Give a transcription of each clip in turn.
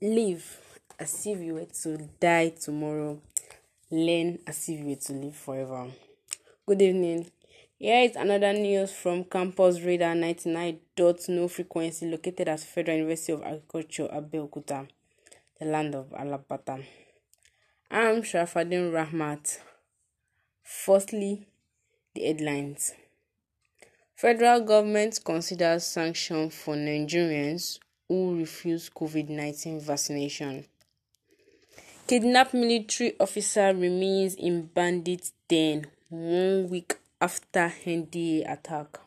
Live as if you were to die tomorrow. Learn as if you were to live forever. Good evening. Here is another news from Campus Radar 99.no frequency located at Federal University of Agriculture, Abeokuta, the land of Alapata. I'm Shafadin Rahmat. Firstly, the headlines. Federal government considers sanction for Nigerians who refused COVID 19 vaccination. Kidnapped military officer remains in bandit den one week after NDA attack.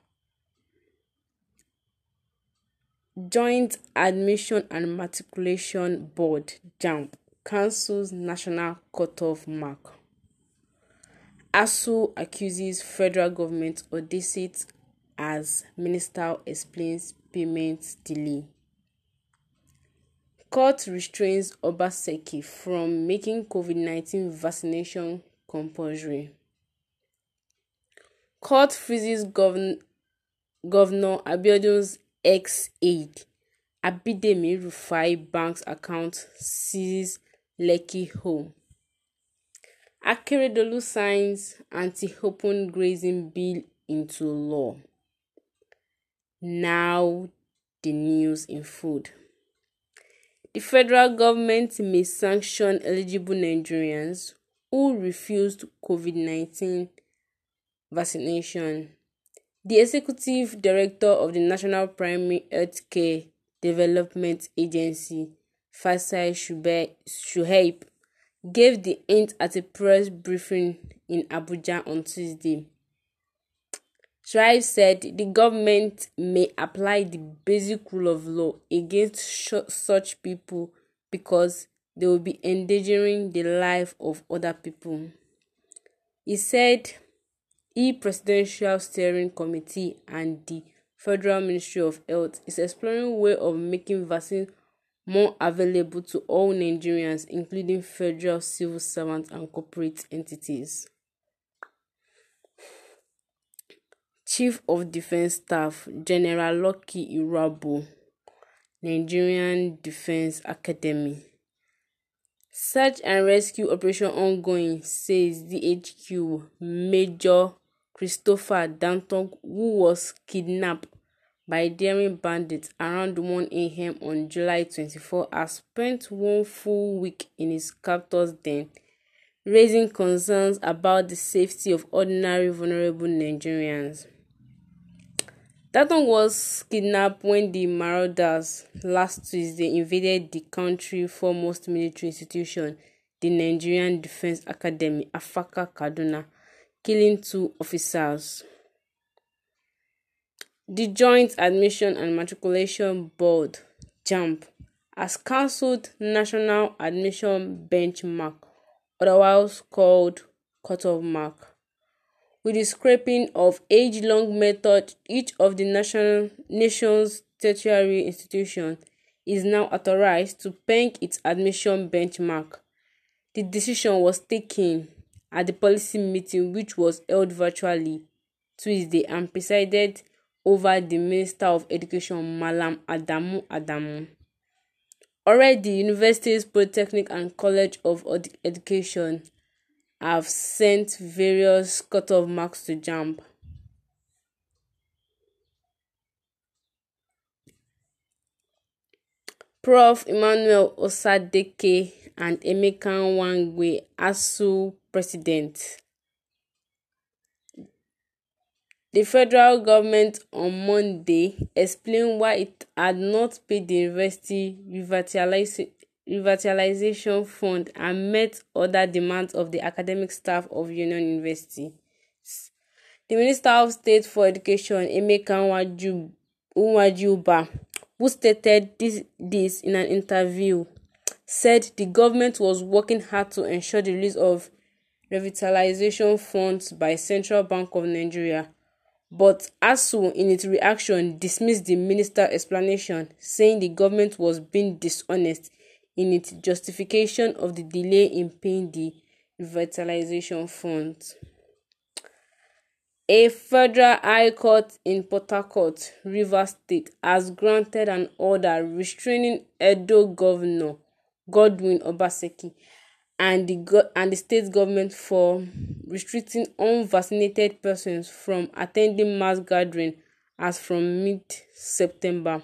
Joint Admission and Matriculation Board jump cancels national cutoff mark. ASU accuses federal government of deceit as minister explains payment delay. Court restrains Obaseki from making COVID-19 vaccination compulsory. Court freezes Governor Abiodun's ex-aide Abidemi Rufai bank's account seizes Lekki home. Akeredolu signs anti-open grazing bill into law. Now the news in food. the federal government may sanction eligible Nigerians who refused COVID 19 vaccination. The executive director of the National Primary Health Care Development Agency, Fasai Shuhaib, gave the hint at a press briefing in Abuja on Tuesday. Tribe said the government may apply the basic rule of law against sh- such people because they will be endangering the life of other people. He said e presidential steering committee and the federal ministry of health is exploring way of making vaccine more available to all nigerians including federal civil servants and corporate entities. Chief of Defence Staff General Lucky Irabor, Nigerian Defence Academy. Search and rescue operation ongoing, says DHQ Major Christopher Danton, who was kidnapped by daring bandits around 1 a.m. on July 24, has spent one full week in his captor's den, raising concerns about the safety of ordinary vulnerable Nigerians. That one was kidnapped when the marauders last Tuesday invaded the country's foremost military institution, the Nigerian Defense Academy, Afaka Kaduna, killing two officers. The Joint Admission and Matriculation Board, JAMP, has cancelled National Admission Benchmark, otherwise called Cutoff Mark with the scrapping of age-long method each of the national nation's tertiary institution is now authorized to peg its admission benchmark. The decision was taken at the policy meeting which was held virtually Tuesday and presided over the Minister of Education Malam Adamu Adamu. Already, universities, polytechnic and college of education have sent various cutoff marks to jump. Prof. Emmanuel Osadeke and Emeka Wangwe, Asu, president. The federal government on Monday explained why it had not paid the university revitalization, Revitalization Fund and met other demands of the academic staff of Union University. The Minister of State for Education, Emeka Nwajuba, who stated this, this in an interview, said the government was working hard to ensure the release of revitalization funds by Central Bank of Nigeria. But ASU, in its reaction, dismissed the minister's explanation, saying the government was being dishonest in its justification of the delay in paying the revitalization fund. A federal high court in Port Harcourt, Rivers State, has granted an order restraining Edo Governor Godwin Obaseki and the go- and the state government for restricting unvaccinated persons from attending mass gathering as from mid-September.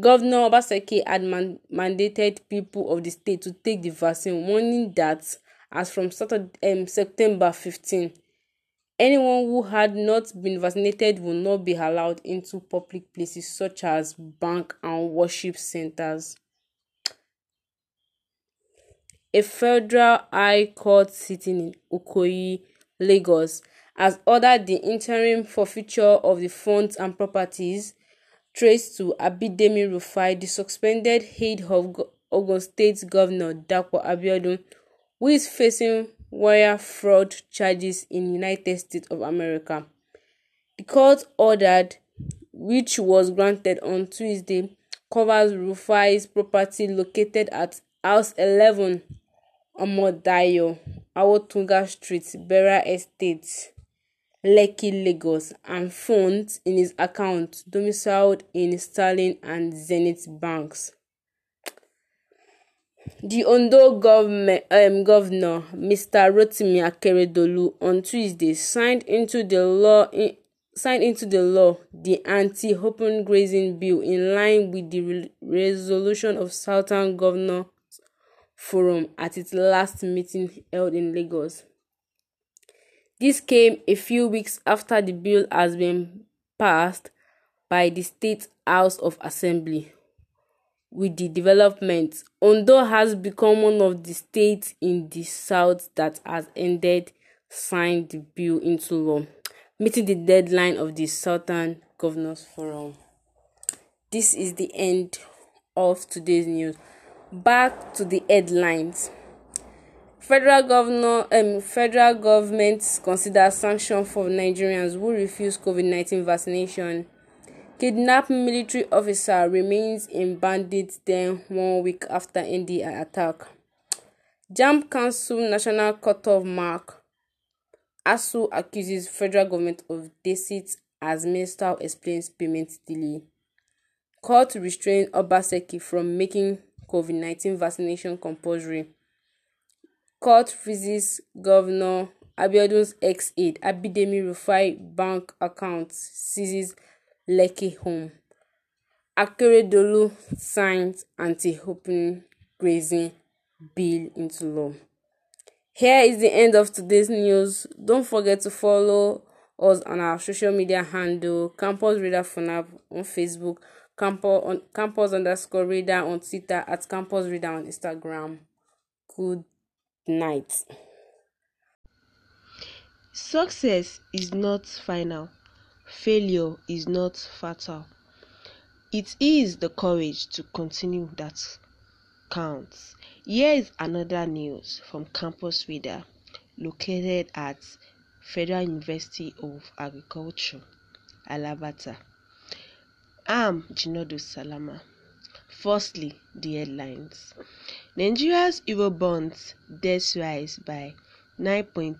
Governor Obaseki had man- mandated people of the state to take the vaccine, warning that as from Saturday, um, September 15, anyone who had not been vaccinated will not be allowed into public places such as bank and worship centers. A federal high court sitting in Okoyi, Lagos, has ordered the interim forfeiture of the funds and properties traced to Abidemi Rufai, the suspended head of Ogun State Governor Dapo Abiodun, who is facing wire fraud charges in United States of America. The court ordered, which was granted on Tuesday, covers Rufai's property located at House 11 Amodayo, Awotunga Street, Bera Estate. Lekki Lagos and funds in his account domiciled in Sterling and Zenith banks. The Ondo government, um, governor, Mr. Rotimi Akeredolu, on Tuesday signed into the law in, signed into the law the anti-open grazing bill in line with the re- resolution of Southern Governor Forum at its last meeting held in Lagos. This came a few weeks after the bill has been passed by the State House of Assembly. With the development, Ondo has become one of the states in the south that has ended signed the bill into law, meeting the deadline of the Southern Governors Forum. This is the end of today's news. Back to the headlines. Federal governor, um, federal government considers sanction for Nigerians who refuse COVID-19 vaccination. Kidnapped military officer remains in bandit den one week after NDI attack. Jam Council National of Mark. ASU accuses federal government of deceit as minister explains payment delay. Court restrained Obaseki from making COVID-19 vaccination compulsory. Court freezes Governor Abiodun's ex-aide Abidemi Rufai bank account, seizes Lekki home. Akeredolu signs anti-open grazing bill into law. Here is the end of today's news. Don't forget to follow us on our social media handle Campus Radar Funab on Facebook, Campus, on, campus underscore Radar on Twitter, at Campus Radar on Instagram. Good night. Success is not final, failure is not fatal. It is the courage to continue that counts. Here is another news from Campus Reader, located at Federal University of Agriculture, Alabata. I'm Jinodo Salama. Firstly, the headlines. Nigeria's Eurobonds debt rise by 9.3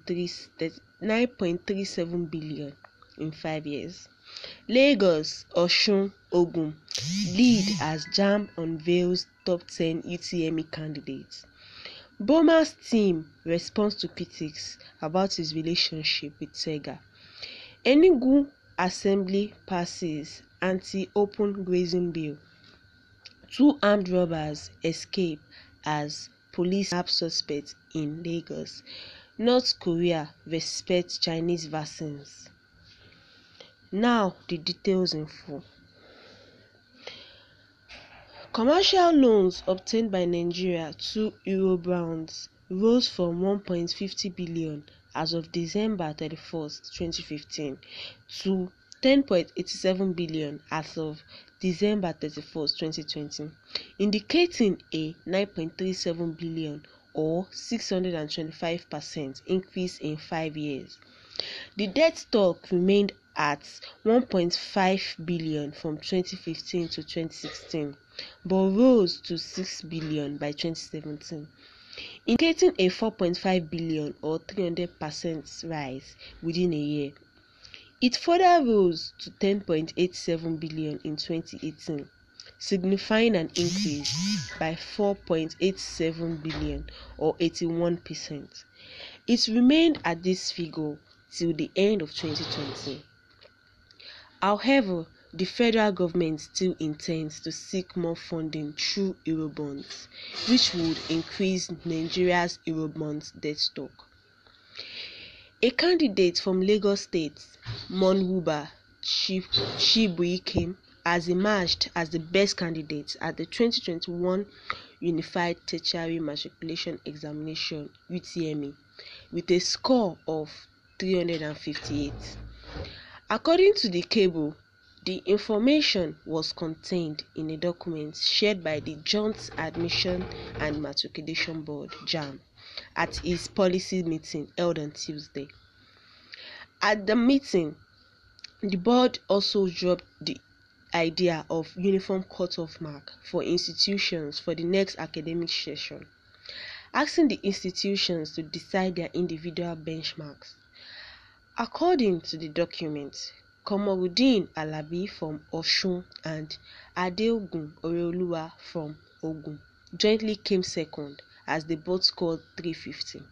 9.37 billion in five years, Lagos, Oshun Ogun lead as JAM unveils top 10 UTME e candidates, Bomar's team responds to critics about his relationship with Tega, Enugu assembly passes anti-open grazing bill, two armed robbers escape as police have suspects in Lagos. North Korea respects Chinese vaccines. Now, the details in full. Commercial loans obtained by Nigeria to Eurobonds rose from 1.50 billion as of December 31, 2015 to 10.87 billion as of December 31st, 2020, indicating a 9.37 billion or 625% increase in 5 years. The debt stock remained at 1.5 billion from 2015 to 2016 but rose to 6 billion by 2017 indicating a 4.5 billion or 300% rise within a year it further rose to 10.87 billion in 2018, signifying an increase by 4.87 billion or 81%. It remained at this figure till the end of 2020. However, the federal government still intends to seek more funding through Eurobonds, which would increase Nigeria's Eurobonds debt stock. A candidate from Lagos State, Monwuba Shibuike, has emerged as the best candidate at the 2021 Unified Tertiary Matriculation Examination (UTME) with a score of 358. According to the Cable, the information was contained in a document shared by the Joint Admission and Matriculation Board (JAMB). at his policy meeting held on Tuesday. At the meeting, the board also dropped the idea of uniform cutoff mark for institutions for the next academic session, asking the institutions to decide their individual benchmarks. According to the document, Komorudeen Alabi from Oshun and Adeogun Oreoluwa from Ogun jointly came second as they both scored 350.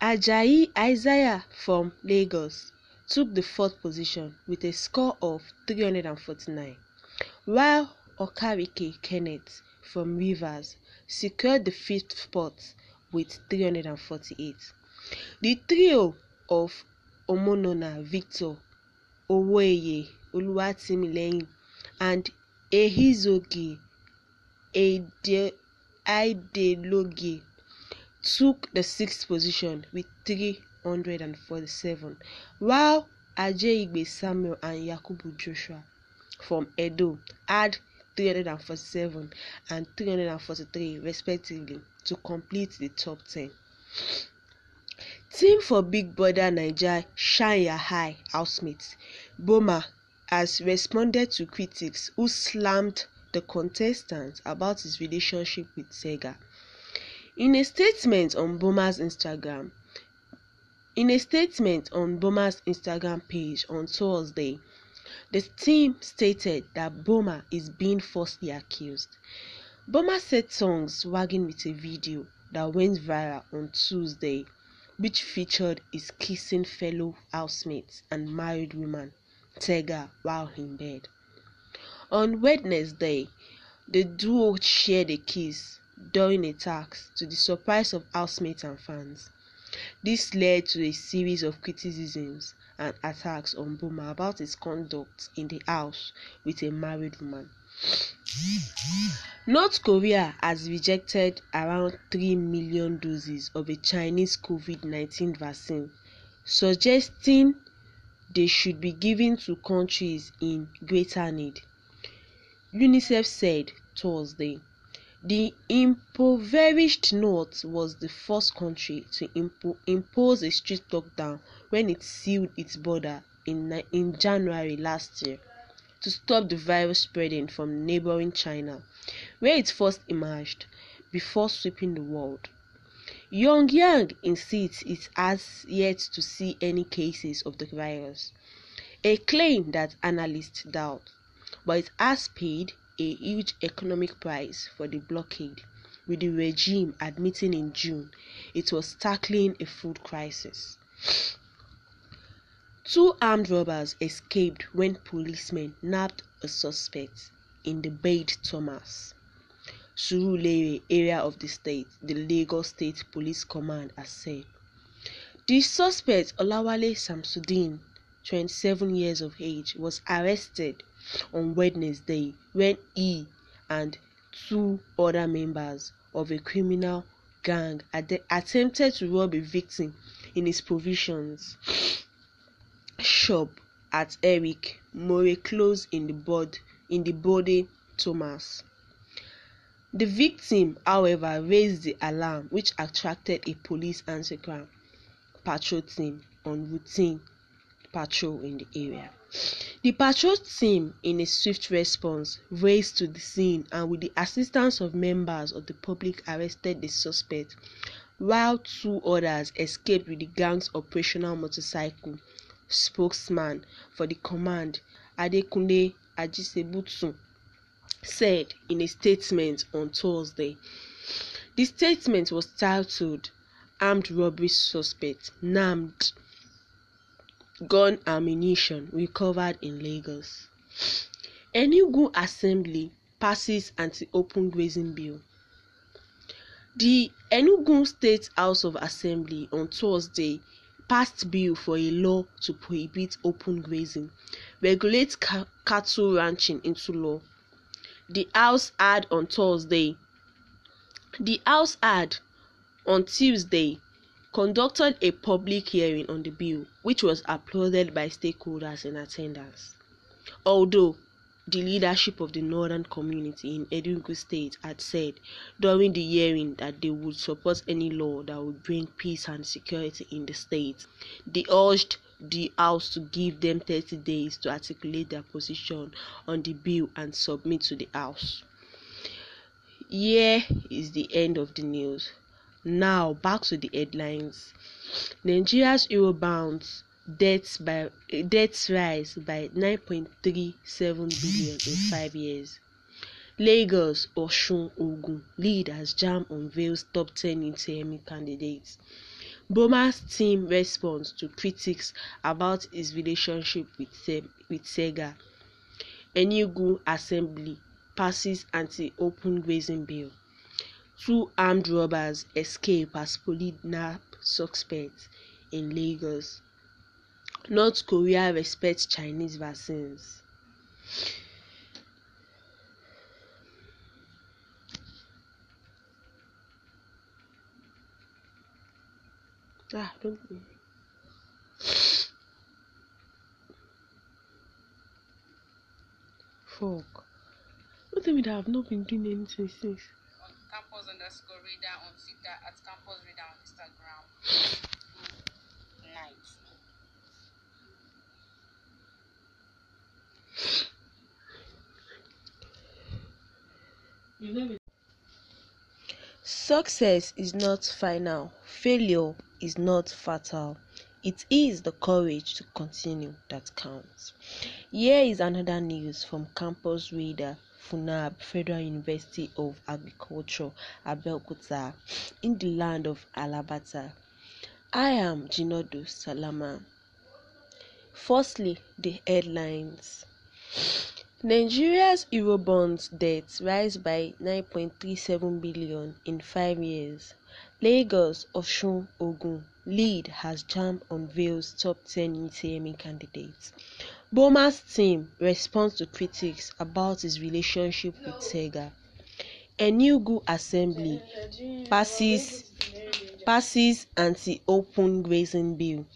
Ajayi Isaiah from Lagos took the fourth position with a score of 349, while Okereke Kenneth from Rivers secured the fifth spot with 348. The trio of Omonona Victor Owoeye Oluwatimileyin and Ehizogi Ede Aidelogie took the sixth position with 347, while Ajay Samuel and Yakubu Joshua from Edo had 347 and 343 respectively to complete the top ten. Team for Big Brother Naija Shine Your Eye housemates Boma has responded to critics who slammed the contestant about his relationship with Sega. In a statement on Boma's Instagram in a statement on Bomar's Instagram page on Thursday, the team stated that Boma is being falsely accused. Boma said songs wagging with a video that went viral on Tuesday, which featured his kissing fellow housemates and married woman, Tega, while in bed. On Wednesday, the duo shared a kiss during a tax to the surprise of housemates and fans. This led to a series of criticisms and attacks on Boma about his conduct in the house with a married woman. North Korea has rejected around 3 million doses of a Chinese COVID 19 vaccine, suggesting they should be given to countries in greater need. UNICEF said Thursday. The impoverished North was the first country to impo impose a strict lockdown when it sealed its border in, in January last year to stop the virus spreading from neighboring China, where it first emerged, before sweeping the world. Pyongyang insists it has yet to see any cases of the virus, a claim that analysts doubt but it has paid a huge economic price for the blockade, with the regime admitting in June it was tackling a food crisis. Two armed robbers escaped when policemen nabbed a suspect in the Beit Thomas, Surulere area of the state, the Lagos State Police Command has said. The suspect, Olawale Samsudin, 27 years of age, was arrested on Wednesday when he and two other members of a criminal gang attempted to rob a victim in his provisions shop at Eric Murray Close in the board in the body Thomas. The victim, however, raised the alarm, which attracted a police anti-crime patrol team on routine patrol in the area. The patrol team, in a swift response, raced to the scene and with the assistance of members of the public arrested the suspect, while two others escaped with the gang's operational motorcycle. Spokesman for the command, Adekunle Ajisebutu, said in a statement on Thursday. The statement was titled Armed Robbery Suspect nabbed." gun ammunition recovered in Lagos. Enugu Assembly passes anti-open grazing bill. The Enugu State House of Assembly on Thursday passed bill for a law to prohibit open grazing, regulate ca- cattle ranching into law. The House had on Thursday. The House had on Tuesday conducted a public hearing on the bill, which was applauded by stakeholders in attendance. Although the leadership of the northern community in Enugu State had said during the hearing that they would support any law that would bring peace and security in the state, they urged the House to give them 30 days to articulate their position on the bill and submit to the House. Here is the end of the news. Now, back to the headlines. Nigeria's Eurobond debts by debts rise by 9.37 billion in five years. Lagos, Osun, Ogun lead as JAM unveils top ten interim candidates. Boma's team responds to critics about his relationship with, with Sega. Enugu Assembly passes anti-open grazing bill. Two armed robbers escape as police nab suspects in Lagos. North Korea respects Chinese vaccines. Ah, don't go. Fuck. Don't tell me that I've not been doing anything since. Success is not final, failure is not fatal. It is the courage to continue that counts. Here is another news from campus reader FUNAB, Federal University of Agriculture, Abeokuta, in the land of Alabata. I am Jinodu Salama. Firstly, the headlines. Nigeria's eurobonds debt rise by 9.37 billion in five years, Lagos, Oshun Ogun lead as JAM unveils top 10 UTME candidates, Boma's team responds to critics about his relationship with Sega, Enugu Assembly passes passes anti-open grazing bill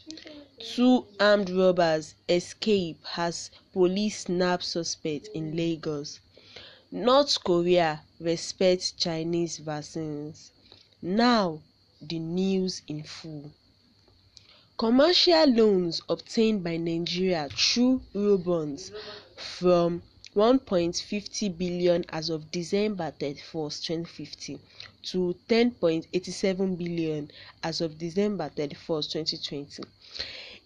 Two armed robbers escape as police nab suspect in Lagos. North Korea respects Chinese vaccines. Now the news in full. Commercial loans obtained by Nigeria through Eurobonds from 1.50 billion as of December 31, 2015 to 10.87 billion as of December 31, 2020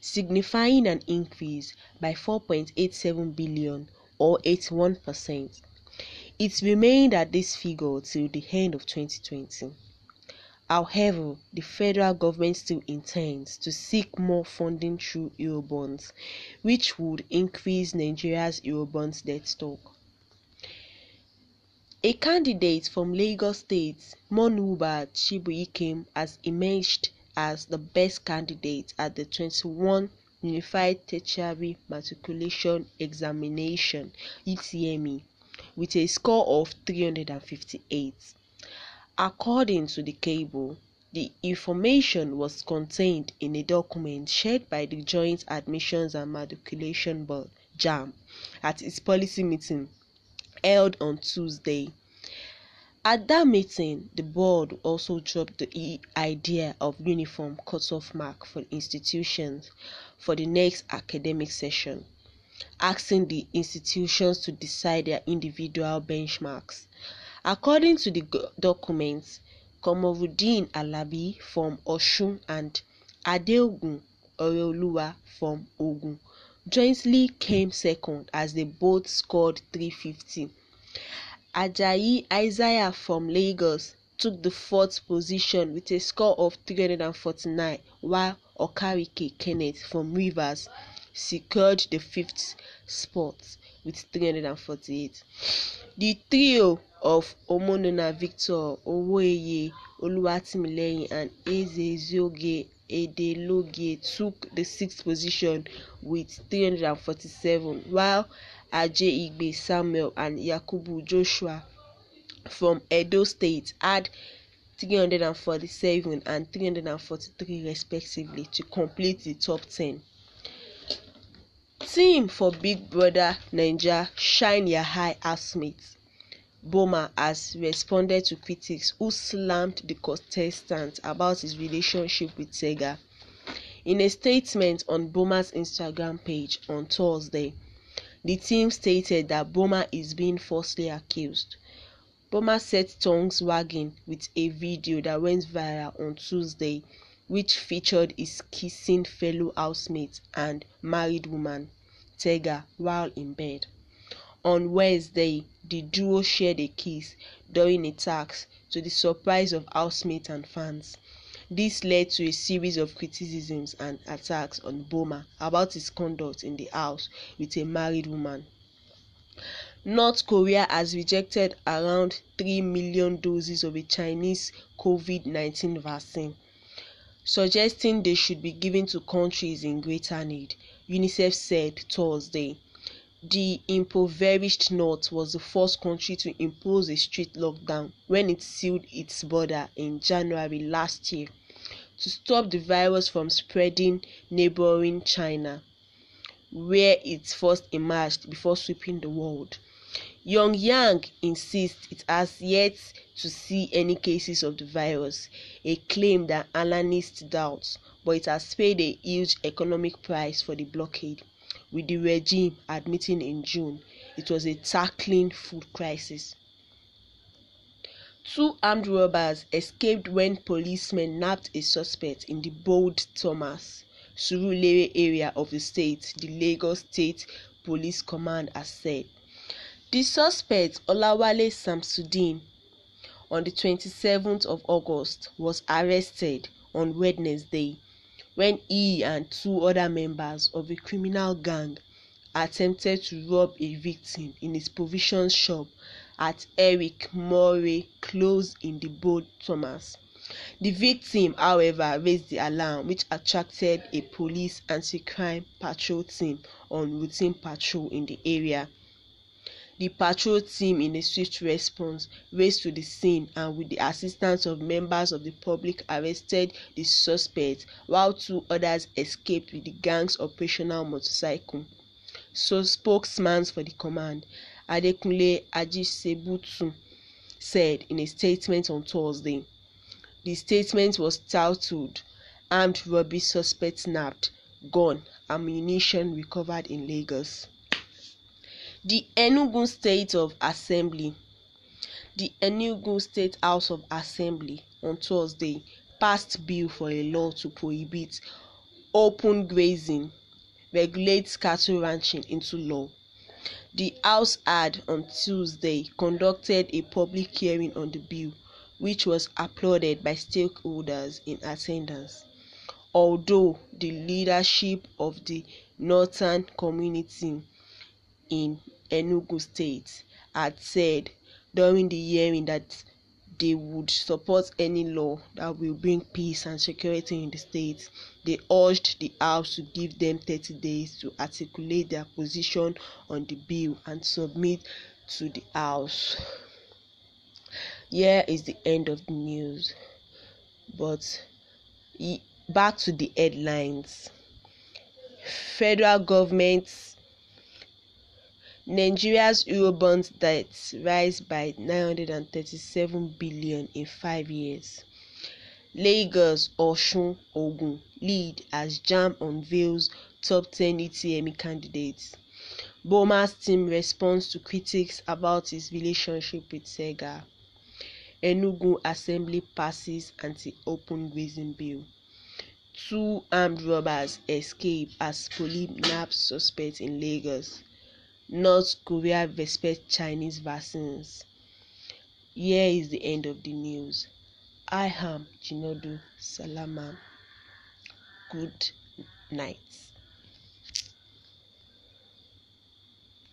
signifying an increase by 4.87 billion or 81%. It remained at this figure till the end of 2020. However, the federal government still intends to seek more funding through Eurobonds, which would increase Nigeria's Eurobonds debt stock. A candidate from Lagos State, Monuba Chibuikem, has emerged as the best candidate at the 21 Unified Tertiary Matriculation Examination UTME with a score of 358. According to the cable, the information was contained in a document shared by the Joint Admissions and Matriculation Board (JAM) at its policy meeting held on Tuesday. At that meeting, the board also dropped the idea of uniform cutoff mark for institutions for the next academic session, asking the institutions to decide their individual benchmarks. According to the documents, Komorudeen Alabi from Osun and Adeogun Oreoluwa from Ogun jointly came second as they both scored 350. Ajayi Isaiah from Lagos took the fourth position with a score of 349 while Okereke Kenneth from Rivers secured the fifth spot with 348. The trio of Omonona Victor Owóyeye Olúwatímiléyìn and Ezezioge Edeloge took the sixth position with 347 while Ajay Igbe Samuel and Yakubu Joshua from Edo State had 347 and 343 respectively to complete the top 10. Team for Big Brother Ninja Shine Your high housemates Boma has responded to critics who slammed the contestant about his relationship with Sega. In a statement on Boma's Instagram page on Thursday, The team stated that Boma is being falsely accused. Boma set tongues wagging with a video that went viral on Tuesday, which featured his kissing fellow housemate and married woman, Tega, while in bed. On Wednesday, the duo shared a kiss during a tax to the surprise of housemates and fans. This led to a series of criticisms and attacks on Boma about his conduct in the house with a married woman. North Korea has rejected around 3 million doses of a Chinese COVID 19 vaccine, suggesting they should be given to countries in greater need, UNICEF said Thursday. The impoverished North was the first country to impose a strict lockdown when it sealed its border in January last year to stop the virus from spreading neighboring China, where it first emerged before sweeping the world. Yang insists it has yet to see any cases of the virus, a claim that analysts doubt, but it has paid a huge economic price for the blockade with the regime admitting in June it was a tackling food crisis. Two armed robbers escaped when policemen nabbed a suspect in the Bold Thomas, Surulere area of the state, the Lagos State Police Command has said. The suspect, Olawale Samsudin, on the 27th of August was arrested on Wednesday when he and two other members of a criminal gang attempted to rob a victim in his provision shop at Eric Murray close in the Bold Thomas. The victim, however, raised the alarm, which attracted a police anti crime patrol team on routine patrol in the area. The patrol team in a swift response raced to the scene and with the assistance of members of the public arrested the suspect while two others escaped with the gang's operational motorcycle so spokesman for the command adekunle ajisebutu said in a statement on thursday the statement was titled armed robbery suspect nabbed gun ammunition recovered in lagos the Enugu State of Assembly The Enugu State House of Assembly on Thursday passed bill for a law to prohibit open grazing, regulates cattle ranching into law. The House had on Tuesday conducted a public hearing on the bill, which was applauded by stakeholders in attendance. Although the leadership of the northern community in Enugu State had said during the hearing that they would support any law that will bring peace and security in the state. They urged the House to give them 30 days to articulate their position on the bill and submit to the House. Here is the end of the news. But back to the headlines. Federal government Nigeria's Eurobond debt rise by 937 billion in 5 years. Lagos, Osun, Ogun lead as JAM unveils top 10 ETME candidates. Boma's team responds to critics about his relationship with Sega. Enugu Assembly passes anti-open grazing bill. Two armed robbers escape as police nab suspect in Lagos. North Korea respect Chinese vaccines. Here is the end of the news. I am Jinodu Salama. Good night.